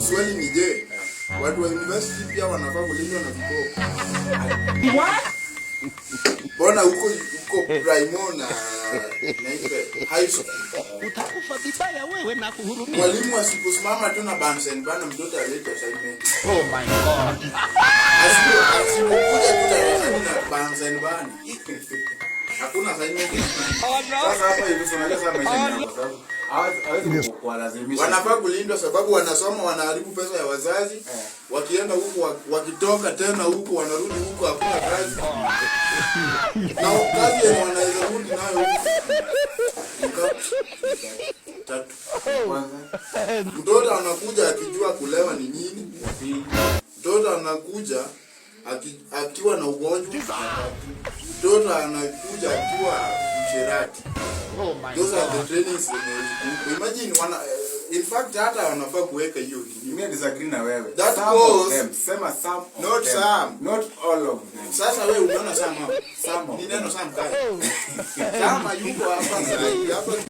Swali ni je, watu wa university pia wanafaa kulindwa na viboko? Mbona huko huko Raimona high school utakufa vibaya wewe na kuhurumia. Mwalimu asiposimama tu na bamsen bana mtoto alete assignment. Oh my god. Asipokuja kutaweza na bamsen bana. Hakuna assignment. Oh no. Sasa hapa hivi tunaleza maisha. Oh wanafaa kulindwa sababu wanasoma, wanaharibu pesa ya wazazi eh. Wakienda huku wakitoka tena huku wanarudi huku hakuna kazi na kazi yenye wanaweza rudi nayo mtoto anakuja akijua kulewa ni nini. Mtoto anakuja aki, akiwa na ugonjwa. Mtoto anakuja akiwa mcherati Oh my Those God. are the trainings. Imagine wana, eh, in fact hata wanafaa kuweka hiyo. Mimi disagree na wewe. That some was, of them. Sema some of not them. Some. Not all of them. Sasa wewe unaona some of. Some of. Ni neno some kai. sama yuko hapa hapa